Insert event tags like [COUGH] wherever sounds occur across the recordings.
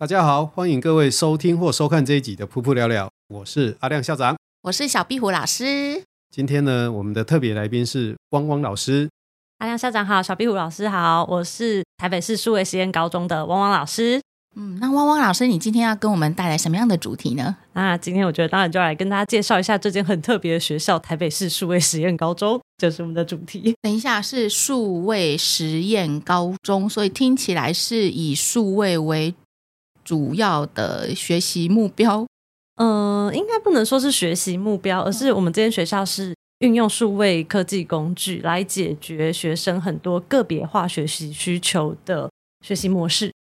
大家好，歡迎各位收聽或收看這一集的《噗噗聊聊》，我是阿亮校長。我是小壁虎老師。今天呢，我們的特別來賓是汪汪老師。阿亮校長好，小壁虎老師好，我是台北市數位實驗高中的汪汪老師。嗯，那汪汪老師，你今天要跟我們帶來什麼樣的主題呢？那今天我覺得當然就要來跟大家介紹一下這間很特別的學校——台北市數位實驗高中，這，就是我們的主題。等一下是數位實驗高中，所以聽起來是以數位為主要的學習目標，嗯、呃，應該不能說是學習目標，而是我們這間學校是運用數位科技工具來解決學生很多個別化學習需求的學習模式。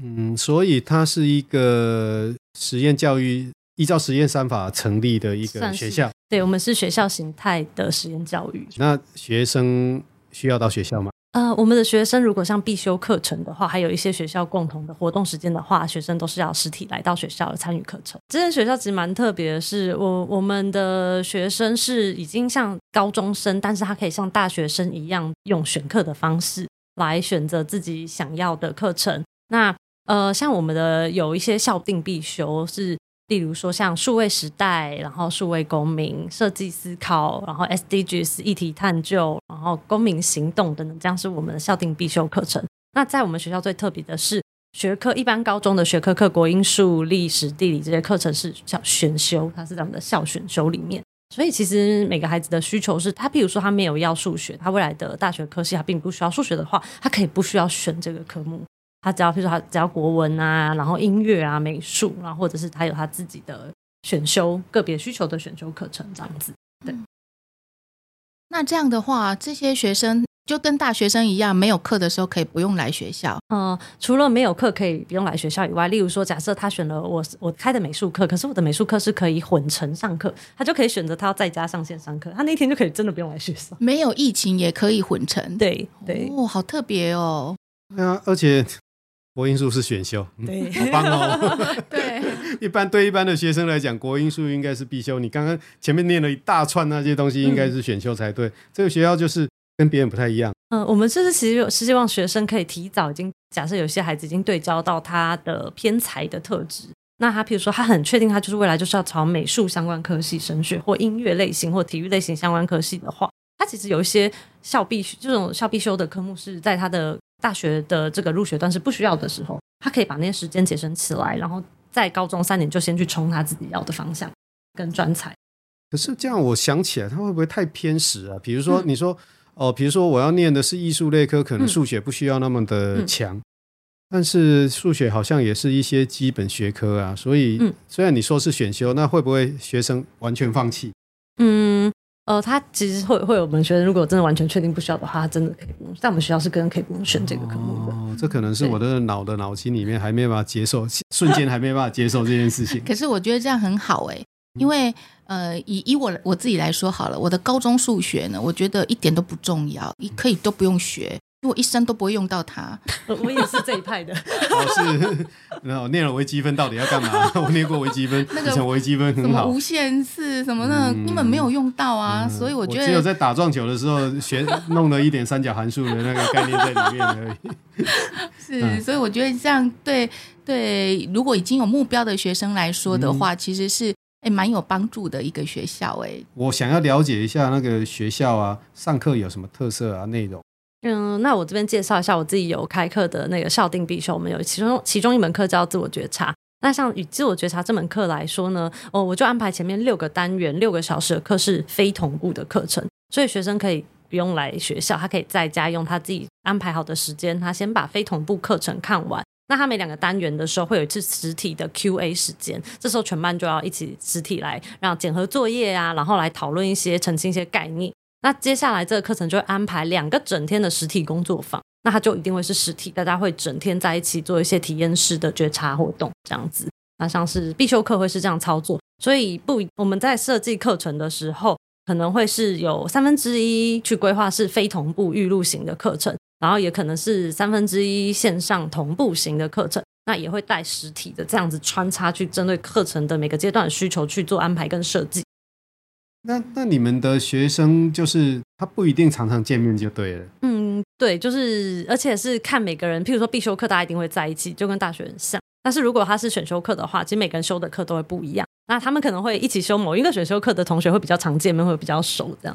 嗯，所以它是一個實驗教育，依照實驗三法成立的一個學校。是是，對，我們是學校形態的實驗教育。那學生需要到學校嗎？呃，我們的學生如果像必修課程的話，還有一些學校共同的活動時間的話，學生都是要實體來到學校參與課程。這間學校其實蠻特別的是，我我們的學生是已經像高中生，但是他可以像大學生一樣用選課的方式來選擇自己想要的課程。那呃，像我們的有一些校定必修是。例如說，像數位時代，然後數位公民、設計思考，然後 SDGs 議題探究，然後公民行動等等，這樣是我們的校訂必修課程。那在我們學校最特別的是，學科，一般高中的學科課，國英數、歷史、地理這些課程是叫選修，它是咱們的校選修裡面。所以其實每個孩子的需求是，他譬如說他沒有要數學，他未來的大學科系他並不需要數學的話，他可以不需要選這個科目。他只要比如說他只要國文啊，然後音樂啊、美術，啊，或者是他有他自己的選修、個別需求的選修課程這樣子。對、嗯。那這樣的話，這些學生就跟大學生一樣，沒有課的時候可以不用來學校。嗯、呃，除了沒有課可以不用來學校以外，例如說，假設他選了我我開的美術課，可是我的美術課是可以混成上課，他就可以選擇他要在家上線上課，他那天就可以真的不用來學校。沒有疫情也可以混成。對對，對哦，好特別哦。那、啊、而且。國音數是選修，對，好棒哦，對，一般對一般的學生來講，國音數應該是必修。你剛剛前面念了一大串那些東西，應該是選修才對。嗯、這個學校就是跟別人不太一樣。嗯，我們這是其實有是希望學生可以提早已經，假設有些孩子已經對焦到他的偏才的特質，那他譬如說他很確定他就是未來就是要朝美術相關科系升學，或音樂類型或體育類型相關科系的話，他其實有一些校必修這種校必修的科目是在他的。大學的這個入學段是不需要的時候，他可以把那些時間節省起來，然後在高中三年就先去衝他自己要的方向跟專才。可是這樣，我想起來，他會不會太偏食啊？比如說，你說，嗯、哦，比如說我要念的是藝術類科，可能數學不需要那麼的強，嗯嗯、但是數學好像也是一些基本學科啊。所以，雖然你說是選修，那會不會學生完全放棄？嗯。呃，他其實會會有我們學生，如果真的完全確定不需要的話，他真的可以。在我們學校是根本可以不用選這個科目的。哦，這可能是我的腦的腦筋裡面還沒有辦法接受，對瞬間還沒辦法接受這件事情。 [LAUGHS] 可是我覺得這樣很好哎、欸，因為呃，以以我我自己來說好了，我的高中數學呢，我覺得一點都不重要，你可以都不用學。我一生都不會用到它， [LAUGHS] 我也是這一派的。我、 [LAUGHS] 哦、是然後念了微積分到底要幹嘛？我念過微積分，那個微積分很好。無限次什麼呢、那個？根本、嗯、沒有用到啊。嗯、所以我覺得我只有在打撞球的時候學弄了一點三角函數的那個概念在裡面而已。 [LAUGHS] 是，所以我覺得這樣對對，如果已經有目標的學生來說的話，嗯、其實是、欸、蠻有幫助的一個學校哎、欸。我想要了解一下那個學校啊，上課有什麼特色啊，內容？嗯，那我這邊介紹一下，我自己有開課的那個校定必修，我們有其中其中一門課叫自我覺察。那像以自我覺察這門課來說呢，哦，我就安排前面六個單元六個小時的課是非同步的課程，所以學生可以不用來學校，他可以在家用他自己安排好的時間，他先把非同步課程看完。那他每兩個單元的時候會有一次實體的 Q&A 時間，這時候全班就要一起實體來，然後檢核作業啊，然後來討論一些、澄清一些概念。那接下來這個課程就會安排兩個整天的實體工作坊，那它就一定會是實體，大家會整天在一起做一些體驗式的覺察活動，這樣子。那像是必修課會是這樣操作，所以不，我們在設計課程的時候，可能會是有三分之一去規劃是非同步預錄型的課程，然後也可能是三分之一線上同步型的課程，那也會帶實體的，這樣子穿插去針對課程的每個階段的需求去做安排跟設計。那那你們的學生就是他不一定常常見面就對了？嗯，對，就是而且是看每個人，譬如說必修課，大家一定會在一起，就跟大學很像。但是如果他是選修課的話，其實每個人修的課都會不一樣。那他們可能會一起修某一個選修課的同學會比較常見面，會比較熟這樣。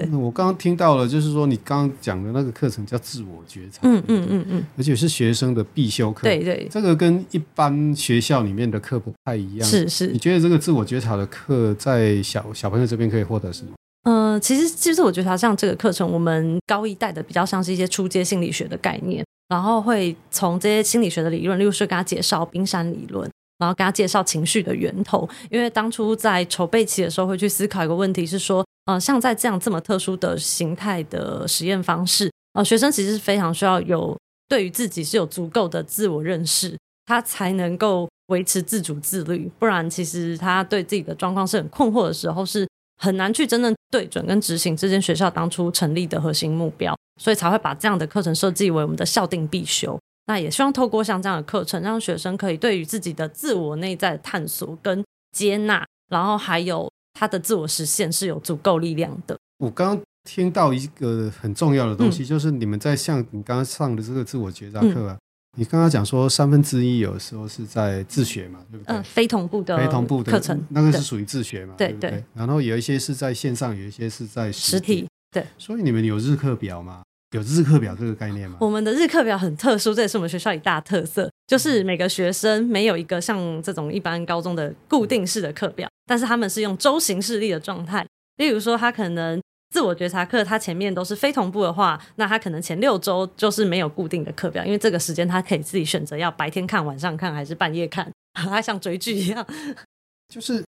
對，我剛剛聽到了，就是說你剛剛講的那個課程叫自我覺察，嗯嗯嗯嗯，嗯嗯嗯而且是學生的必修課，對對，對這個跟一般學校裡面的課不太一樣，是是。是你覺得這個自我覺察的課在小小朋友這邊可以獲得什麼？嗯，其實就是我覺得好像這個課程，我們高一代的比較像是一些初階心理學的概念，然後會從這些心理學的理論，例如說給他介紹冰山理論。然後跟他介紹情緒的源頭，因為當初在籌備期的時候，會去思考一個問題，是說，呃，像在這樣這麼特殊的形態的實驗方式，呃，學生其實是非常需要有對於自己是有足夠的自我認識，他才能夠維持自主自律，不然其實他對自己的狀況是很困惑的時候，是很難去真正對準跟執行這間學校當初成立的核心目標，所以才會把這樣的課程設計為我們的校訂必修。那也希望透過像這樣的課程，讓學生可以對於自己的自我內在探索跟接納，然後還有他的自我實現是有足夠力量的。我剛剛聽到一個很重要的東西，嗯、就是你們在像你剛剛上的這個自我覺察課，啊，嗯、你剛剛講說三分之一有的時候是在自學嘛，對不對？嗯、呃，非同步的，非同步的課程那個是屬於自學嘛？對對。然後有一些是在線上，有一些是在實體，實體對。所以你們有日課表嗎？有日課表這個概念嗎？我們的日課表很特殊，這也是我們學校一大的特色，就是每個學生沒有一個像這種一般高中的固定式的課表，但是他們是用週行事曆的狀態。例如說，他可能自我覺察課，他前面都是非同步的話，那他可能前六周就是沒有固定的課表，因為這個時間他可以自己選擇要白天看、晚上看還是半夜看，他像追劇一樣。就是。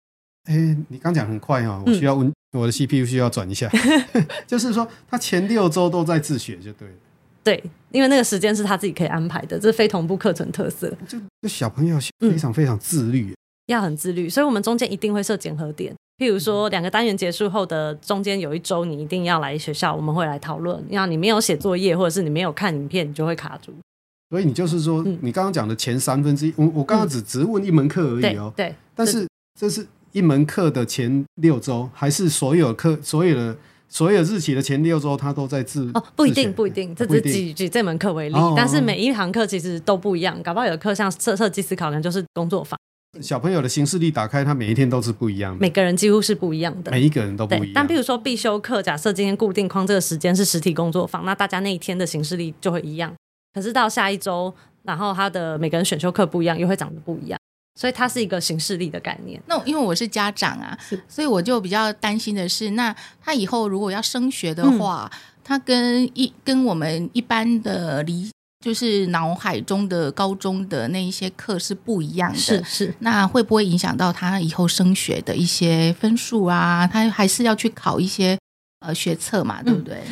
哎，你剛講很快哦，我需要問、嗯、我的 CPU 需要轉一下， [LAUGHS] 就是說他前六周都在自學就對了。對，因為那個時間是他自己可以安排的，這是非同步課程特色。就，就小朋友非常非常自律、嗯，要很自律，所以我們中間一定會設檢核點，譬如說、嗯、兩個單元結束後的中間有一周，你一定要來學校，我們會來討論。然後你沒有寫作業，或者是你沒有看影片，你就會卡住。所以你就是說，嗯、你剛剛講的前三分之一，我我剛剛只只問一門課而已哦，嗯、對。對，但是，是這是。一門課的前六周，還是所有課、所有的所有日期的前六周，他都在自哦，不一定，自選不一定，這只舉舉這門課為例，哦哦，但是每一堂課其實都不一樣。搞不好有課像設設計思考呢，就是工作坊。小朋友的行事曆打開，他每一天都是不一樣的，每個人幾乎是不一樣的，每一個人都不一樣。但比如說必修課，假設今天固定框這個時間是實體工作坊，那大家那一天的行事曆就會一樣。可是到下一周，然後他的每個人選修課不一樣，又會長得不一樣。所以它是一個形式力的概念。那因為我是家長啊，是所以我就比較擔心的是，那他以後如果要升學的話，嗯、他跟一跟我們一般的理，就是腦海中的高中的那一些課是不一樣的。是是，那會不會影響到他以後升學的一些分數啊？他還是要去考一些呃學測嘛，對不對？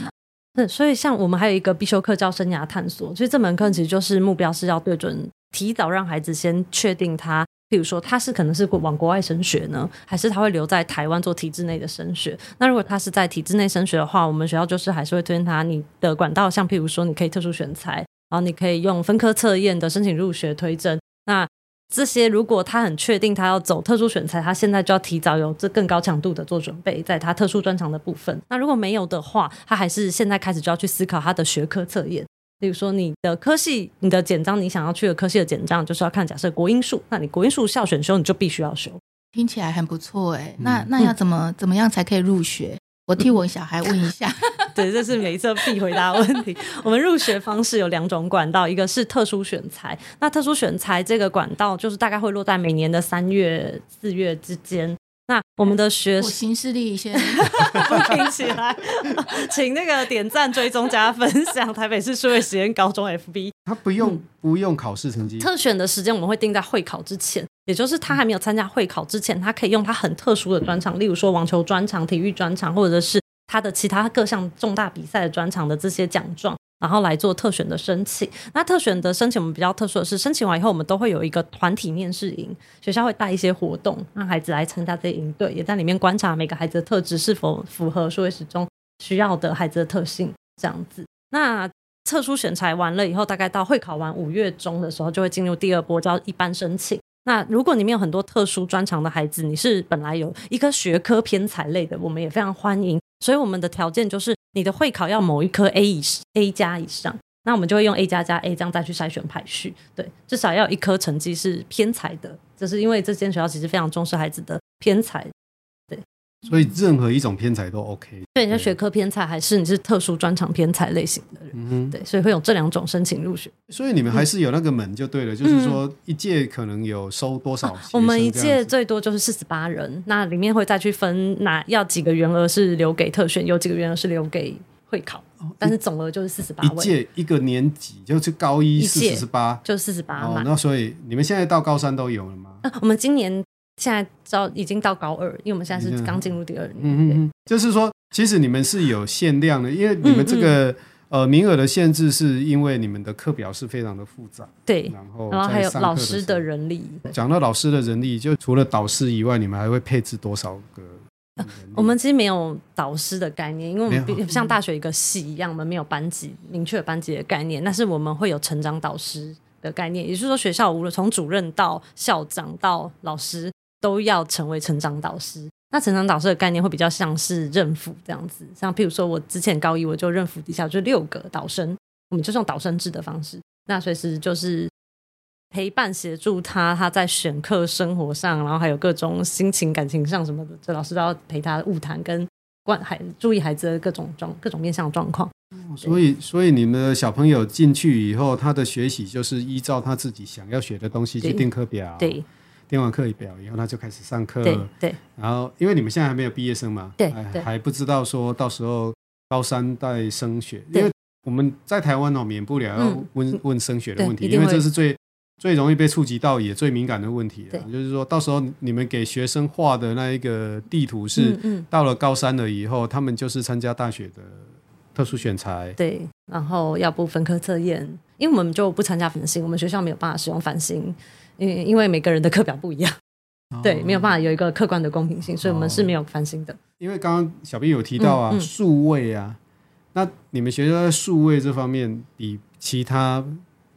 那、嗯、對、所以像我們還有一個必修課叫生涯探索，所以這門課其實就是目標是要對準，提早讓孩子先確定他。譬如說，他是可能是往國外升學呢，還是他會留在台灣做體制內的升學？那如果他是在體制內升學的話，我們學校就是還是會推薦他。你的管道，像譬如說，你可以特殊選才，然後你可以用分科測驗的申請入學推甄。那這些，如果他很確定他要走特殊選才，他現在就要提早有這更高強度的做準備，在他特殊專長的部分。那如果沒有的話，他還是現在開始就要去思考他的學科測驗。比如說你的科系，你的簡章，你想要去的科系的簡章，就是要看，假設國英數，那你國英數校選修你就必須要修。聽起來很不錯誒、欸嗯、那那要怎麼怎麼樣才可以入學？我替我小孩問一下，嗯、 [LAUGHS] [LAUGHS] 對，這是每一次必回答的問題。 [LAUGHS] 我們入學方式有兩種管道， [LAUGHS] 一個是特殊選才，那特殊選才這個管道就是大概會落在每年的三月、四月之間。那我們的學生行事力先， [LAUGHS] 不聽起來，請那個點讚、追蹤、加分享。台北市數位實驗高中 FB，他不用不用考試成績、嗯，特選的時間我們會定在會考之前，也就是他還沒有參加會考之前，他可以用他很特殊的專長，例如說網球專長、體育專長，或者是他的其他各項重大比賽的專長的這些獎狀。然後來做特選的申請，那特選的申請我們比較特殊的是，申請完以後我們都會有一個團體面試營，學校會帶一些活動，讓孩子來參加這些營隊，也在裡面觀察每個孩子的特質是否符合數位實中需要的孩子的特性這樣子。那特殊選才完了以後，大概到會考完五月中的時候，就會進入第二波叫一般申請。那如果你們有很多特殊專長的孩子，你是本來有一個學科偏才類的，我們也非常歡迎。所以我們的條件就是你的會考要某一科 A 以 A 加以上，那我們就會用 A 加加 A 這樣再去篩選排序。對，至少要一科成績是偏才的，就是因為這間學校其實非常重視孩子的偏才。所以任何一種偏才都 OK，對，你是學科偏才，還是你是特殊專長偏才類型的人？嗯、哼對，所以會有這兩種申請入學。所以你們還是有那個門就對了，嗯、就是說一屆可能有收多少、啊？我們一屆最多就是四十八人，那裡面會再去分哪，那要幾個員額是留給特選，有幾個員額是留給會考，但是總額就是四十八位。一屆一個年級就是高一四十八，就四十八嘛。那所以你們現在到高三都有了嗎？啊、我們今年。現在到已經到高二，因為我們現在是剛進入第二年。嗯嗯嗯，對就是說，其實你們是有限量的，因為你們這個嗯嗯呃名額的限制，是因為你們的課表是非常的複雜。對、嗯嗯，然後，然後還有老師的人力。講到老師的人力，對就除了導師以外，你們還會配置多少個、呃？我們其實沒有導師的概念，因為我們比有像大學一個系一樣，我們沒有班級明確班級的概念。但是我們會有成長導師的概念，也就是說，學校無論從主任到校長到老師。都要成為成長導師。那成長導師的概念會比較像是認輔這樣子，像譬如說我之前高一，我就認輔底下就六個導生，我們就用導生制的方式。那隨時就是陪伴協助他，他在選課、生活上，然後還有各種心情、感情上什麼的，這老師都要陪他晤談跟、跟管孩，注意孩子的各種狀、各種面向狀況，哦。所以，所以你們小朋友進去以後，他的學習就是依照他自己想要學的東西去對定課表對，對。電話課一表以後，然後他就開始上課。對對對。然後，因為你們現在還沒有畢業生嘛，對，對，還不知道說到時候高三帶升學，對因為我們在台灣哦，免不了要問、嗯、問升學的問題，嗯、因為這是最最容易被觸及到也最敏感的問題。對就是說到時候你們給學生畫的那一個地圖是，嗯到了高三了以後，嗯嗯、他們就是參加大學的特殊選才。對。然後要不分科測驗，因為我們就不參加繁星，我們學校沒有辦法使用繁星。因因為每個人的課表不一樣，哦、對，沒有辦法有一個客觀的公平性，哦、所以我們是沒有翻新的。因為剛剛小 B 有提到啊，數、嗯嗯、位啊，那你們學校在數位這方面比其他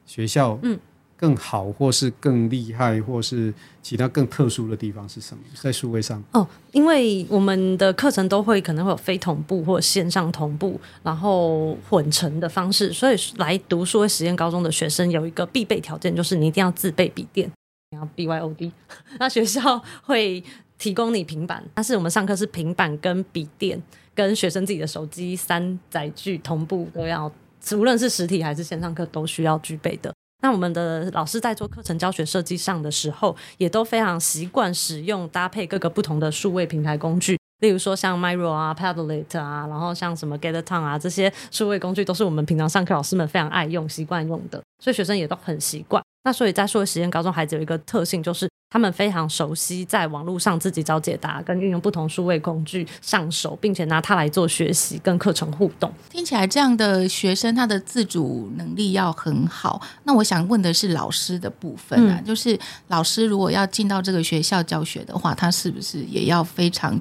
學校，嗯。更好，或是更厲害，或是其他更特殊的地方是什麼？在數位上哦，因為我們的課程都會可能會有非同步或線上同步，然後混成的方式，所以來讀數位實驗高中的學生有一個必備條件，就是你一定要自備筆電，你要 B Y O D。 [LAUGHS] 那學校會提供你平板，但是我們上課是平板跟筆電跟學生自己的手機三載具同步，都要對無論是實體還是線上課都需要具備的。那我們的老師在做課程教學設計上的時候，也都非常習慣使用搭配各個不同的數位平台工具，例如說像 Miro 啊、Padlet 啊，然後像什麼 Gather Town 啊這些數位工具，都是我們平常上課老師們非常愛用、習慣用的，所以學生也都很習慣。那所以在數位實驗高中，孩子有一個特性，就是他們非常熟悉在網絡上自己找解答，跟運用不同數位工具上手，並且拿它來做學習跟課程互動。聽起來這樣的學生，他的自主能力要很好。那我想問的是，老師的部分啊，嗯，就是老師如果要進到這個學校教學的話，他是不是也要非常？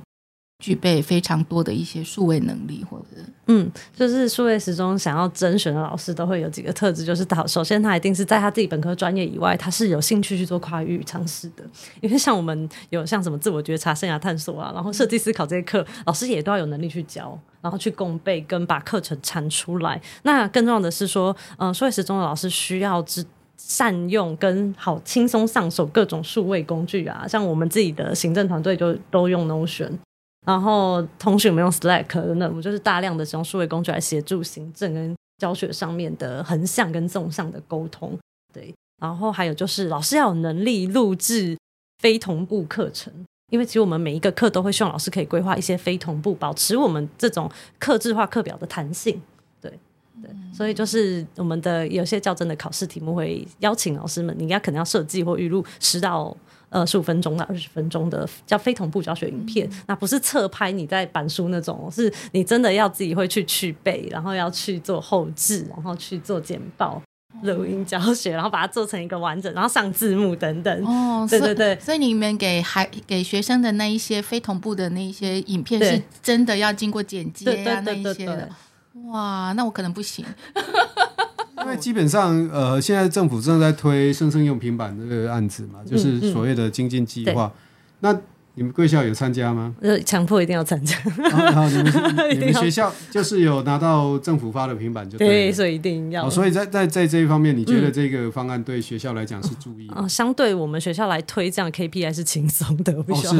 具備非常多的一些數位能力，或者是嗯，就是數位實中想要甄選的老師，都會有幾個特質，就是他首先他一定是在他自己本科專業以外，他是有興趣去做跨域嘗試的。因為像我們有像什麼自我覺察、生涯探索啊，然後設計思考這些課，老師也都要有能力去教，然後去共備跟把課程產出來。那更重要的是說，嗯、呃，數位實中的老師需要是善用跟好輕鬆上手各種數位工具啊，像我們自己的行政團隊就都用 Notion。然後通訊我們用 Slack，那我們就是大量的使用數位工具來協助行政跟教學上面的橫向跟縱向的溝通。對，然後還有就是老師要有能力錄制非同步課程，因為其實我們每一個課都會希望老師可以規劃一些非同步，保持我們這種客製化課表的彈性。對對，所以就是我們的有些教甄的考試題目會邀請老師們，你應該可能要設計或預錄十到。呃，十五分鐘到二十分鐘的叫非同步教學影片，嗯、那不是側拍你在板書那種，嗯、是你真的要自己會去去背，然後要去做後製，然後去做簡報、錄、哦、音、教學，然後把它做成一個完整，然後上字幕等等。哦，對對對，所以你們給孩給學生的那一些非同步的那一些影片，是真的要經過剪輯啊對對,對,對,對,對的。哇，那我可能不行。 [LAUGHS] 因為基本上，呃，現在政府正在推生生用平板這個案子嘛，就是所謂的“精進計劃”嗯。嗯，那你們貴校有參加嗎？呃，強迫一定要參加，哦。好，你們你們學校就是有拿到政府發的平板就對，對所以一定要。哦，所以在在在這一方面，你覺得這個方案對學校來講是注意、嗯哦？哦，相對我們學校來推這樣 K P I 是輕鬆的不需要哦。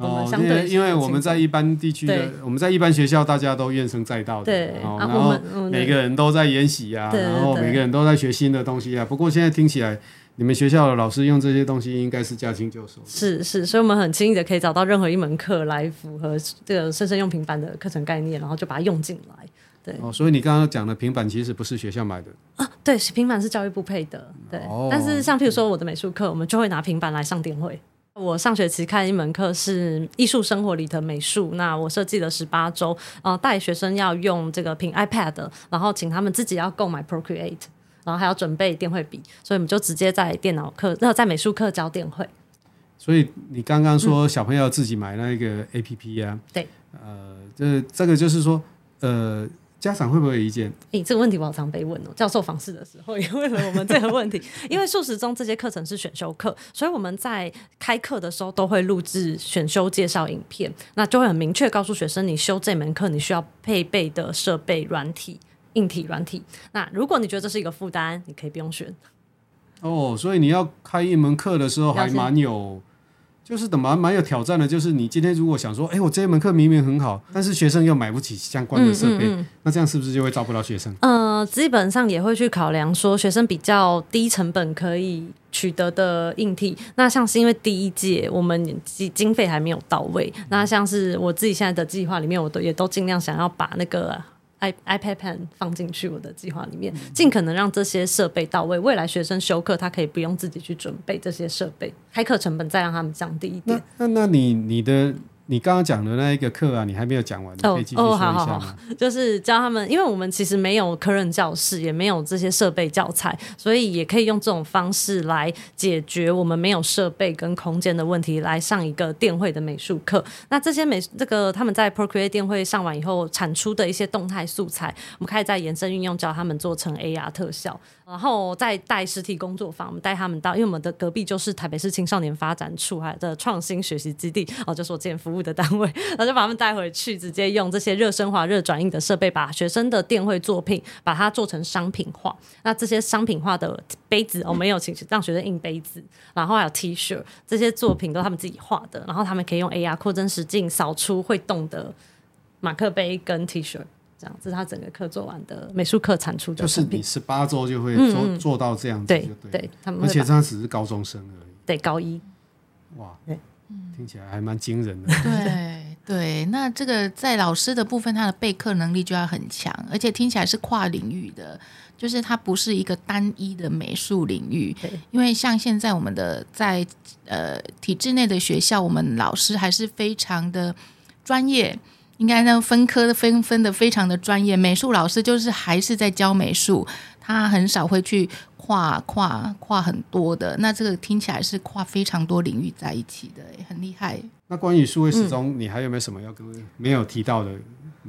哦，對是哦，因為因為我們在一般地區的，對我們在一般學校，大家都怨聲載道的。對。哦，然後每個人都在研習呀，對然後每個人都在學新的東西啊。不過現在聽起來。你們學校的老師用這些東西應該是駕輕就熟。是是，所以我們很輕易的可以找到任何一門課來符合這個生生用平板的課程概念，然後就把它用進來。對，哦，所以你剛剛講的平板其實不是學校買的啊、哦？對，平板是教育部配的。對，哦、但是像譬如說我的美術課，我們就會拿平板來上電繪。我上學期開一門課是藝術生活裡的美術，那我設計了十八周，呃，帶學生要用這個平 iPad，然後請他們自己要購買 Procreate。然後還要準備電繪筆，所以我們就直接在電腦課，要在美術課教電繪。所以你剛剛說小朋友自己買那個 APP 啊？嗯、對，呃，這這個就是說，呃，家長會不會有意見？哎、欸，這個問題我好常被問哦。教授訪視的時候也問了我們這個問題， [LAUGHS] 因為數實中這些課程是選修課，所以我們在開課的時候都會錄制選修介紹影片，那就會很明確告訴學生，你修這門課你需要配備的設備軟體。硬體、軟體，那如果你覺得這是一個負擔，你可以不用選。哦，oh, 所以你要開一門課的時候，還蠻有，就是蠻蠻有挑戰的。就是你今天如果想說，哎、欸，我這一門課明明很好，但是學生又買不起相關的設備，嗯嗯嗯、那這樣是不是就會招不到學生？嗯、呃，基本上也會去考量說，學生比較低成本可以取得的硬體。那像是因為第一屆我們經費還沒有到位，嗯、那像是我自己現在的計劃裡面，我都也都盡量想要把那個、啊。I iPad Pen 放進去我的計劃裡面，嗯、盡可能讓這些設備到位。未來學生休課，他可以不用自己去準備這些設備，開課成本再讓他們降低一點。那那，那那你你的，嗯。你剛剛講的那一個課啊，你還沒有講完，哦、oh，好好好，就是教他們，因為我們其實沒有科任教室，也沒有這些設備教材，所以也可以用這種方式來解決我們沒有設備跟空間的問題，來上一個電繪的美術課。那這些美，這個他們在 Procreate 電繪上完以後產出的一些動態素材，我們可以在延伸運用，教他們做成 AR 特效，然後再帶實體工作坊，我們帶他們到，因為我們的隔壁就是台北市青少年發展處的創新學習基地，哦，就是我服務。的單位，然後就把他們帶回去，直接用這些熱升華、熱轉印的設備，把學生的電繪作品把它做成商品化。那這些商品化的杯子我們也有請、嗯、讓學生印杯子，然後還有 T 恤，shirt, 這些作品都是他們自己畫的。然後他們可以用 AR 擴增實境掃出會動的馬克杯跟 T 恤，shirt, 這樣這是他整個課做完的美術課產出的。就是你十八周就會做嗯嗯做到這樣子對，對對，他們而且這樣只是高中生而已，對高一，哇。欸聽起來還蠻驚人的對。對對，那這個在老師的部分，他的備課能力就要很強，而且聽起來是跨領域的，就是它不是一個單一的美術領域。對因為像現在我們的在呃體制內的學校，我們老師還是非常的專業，應該呢分科分分的非常的專業。美術老師就是還是在教美術。他很少會去跨跨跨很多的，那這個聽起來是跨非常多領域在一起的、欸，很厲害、欸。那關於數位實中，嗯、你還有沒有什麼要跟沒有提到的？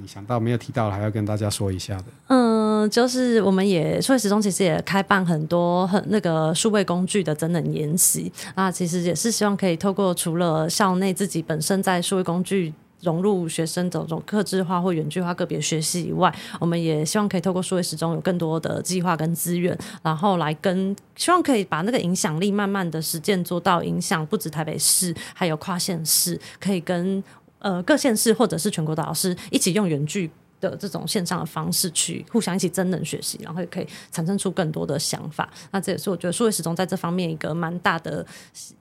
你想到沒有提到的，還要跟大家說一下的？嗯，就是我們也數位實中其實也開辦很多很那個數位工具的增能研習啊，其實也是希望可以透過除了校內自己本身在數位工具。融入學生這種種客製化或遠距化個別學習以外，我們也希望可以透過數位實中有更多的計劃跟資源，然後來跟希望可以把那個影響力慢慢的實踐做到影響不止台北市，還有跨縣市，可以跟呃各縣市或者是全國的老師一起用遠距的這種線上的方式去互相一起真人學習，然後也可以產生出更多的想法。那這也是我覺得數位實中在這方面一個蠻大的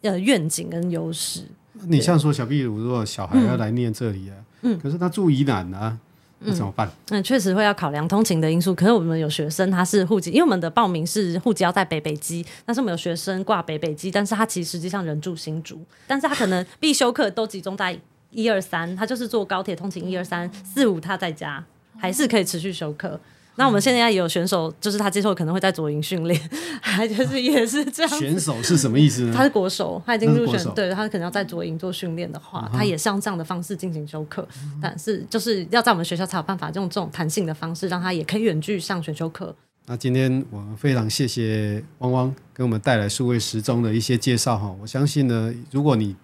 呃願景跟優勢。你像說小 B，如果小孩要來念這裡啊，嗯、可是他住宜蘭呢，嗯、那怎麼辦？那確、嗯、實會要考量通勤的因素。可是我們有學生他是戶籍，因為我們的報名是戶籍要在北北基，但是我們有學生掛北北基，但是他其實實際上人住新竹，但是他可能必修課都集中在一二三，他就是坐高鐵通勤一二三四五，他在家還是可以持續修課。那我們現在也有選手，就是他接受可能會在左營訓練，還是就是也是這樣。選手是什麼意思呢？他是國手，他已經入選。手？對，他可能要在左營做訓練的話，嗯、哼他也像這樣的方式進行修課，嗯、哼但是就是要在我們學校才有辦法用這種彈性的方式，讓他也可以遠距上選修課。那今天我們非常謝謝汪汪給我們帶來數位實中的一些介紹哈。我相信呢，如果你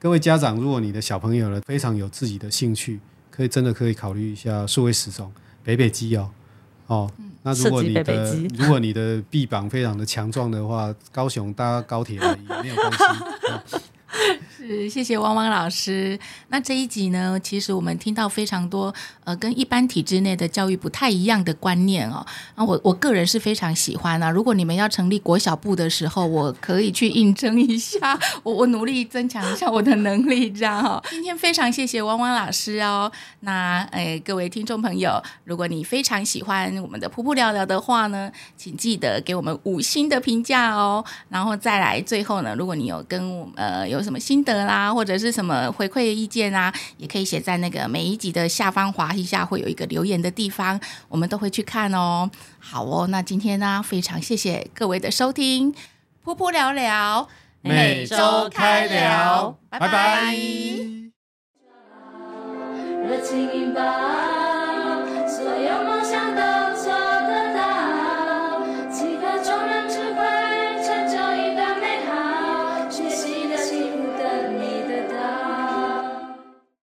各位家長，如果你的小朋友呢非常有自己的興趣，可以真的可以考慮一下數位實中北北基哦。哦，那如果你的、嗯、北北如果你的臂膀非常的強壯的話，高雄搭高鐵也沒有關係。 [LAUGHS] 哦是，謝謝汪汪老師。那這一集呢，其實我們聽到非常多呃，跟一般體制內的教育不太一樣的觀念哦。那、啊、我我個人是非常喜歡啊。如果你們要成立國小部的時候，我可以去應徵一下，我我努力增強一下我的能力，這樣哈、哦。 [LAUGHS] 今天非常謝謝汪汪老師哦。那誒，各位聽眾朋友，如果你非常喜歡我們的“噗噗聊聊”的話呢，請記得給我們五星的評價哦。然後再來最後呢，如果你有跟我們有什麼心得啦、啊，或者是什麼回饋意見啊，也可以寫在那個每一集的下方，滑一下，會有一個留言的地方，我們都會去看哦。好哦，那今天呢，非常謝謝各位的收聽，噗噗聊聊每週開聊，拜拜。